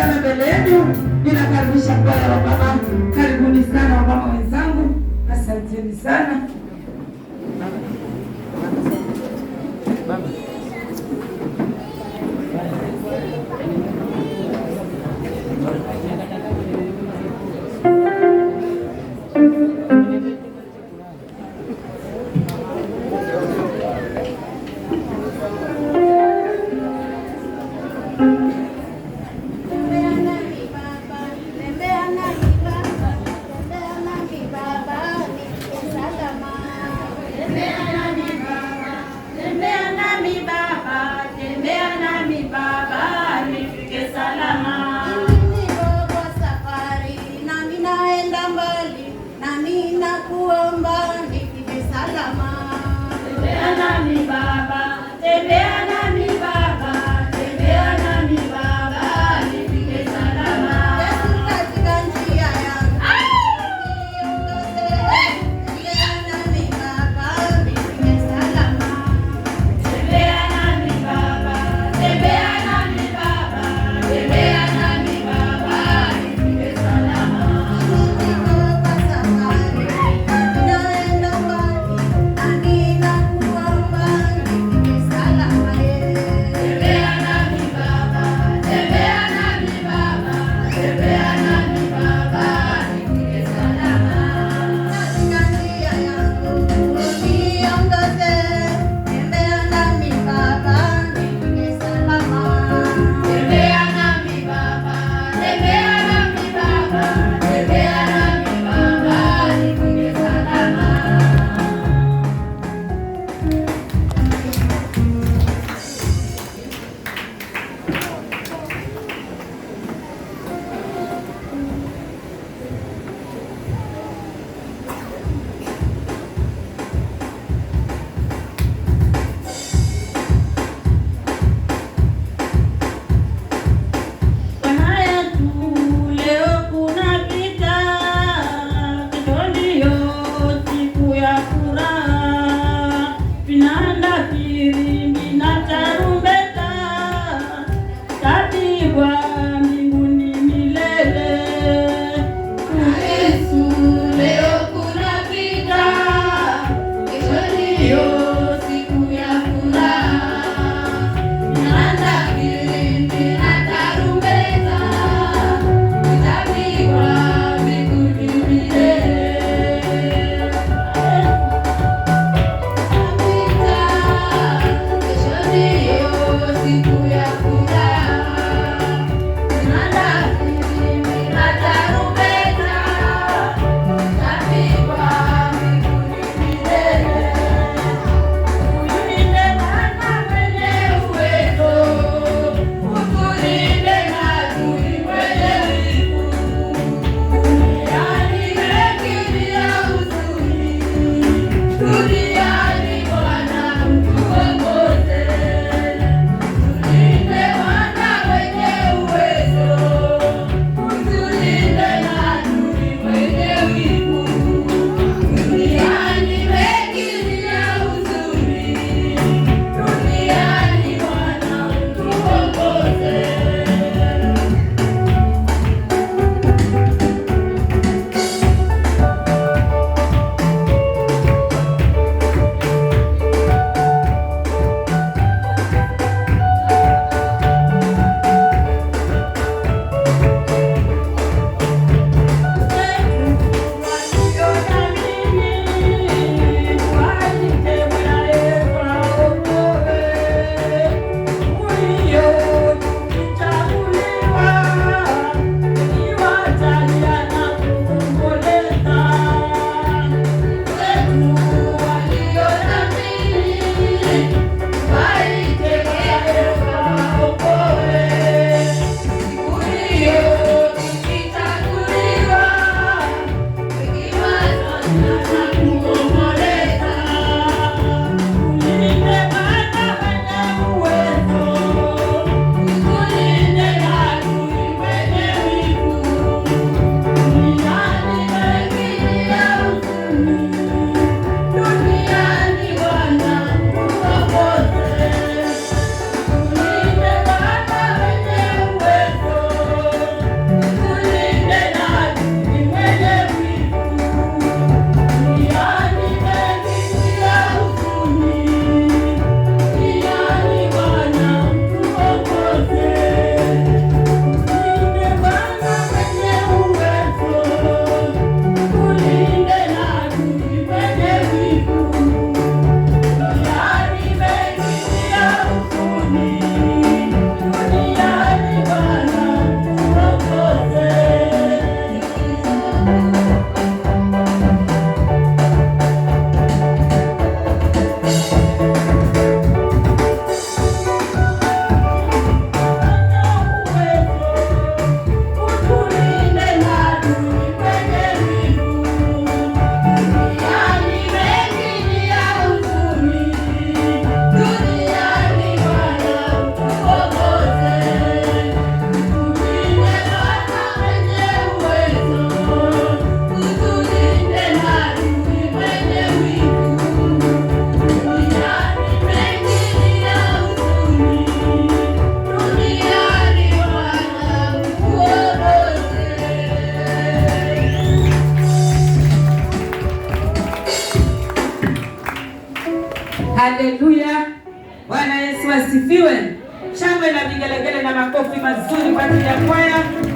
sana mbele yenu. Ninakaribisha kwaya ya wamama, karibuni sana wamama wenzangu, asanteni sana. you. Haleluya, Bwana Yesu asifiwe! Shangwe na vigelegele na makofi mazuri kwa ajili ya kwaya.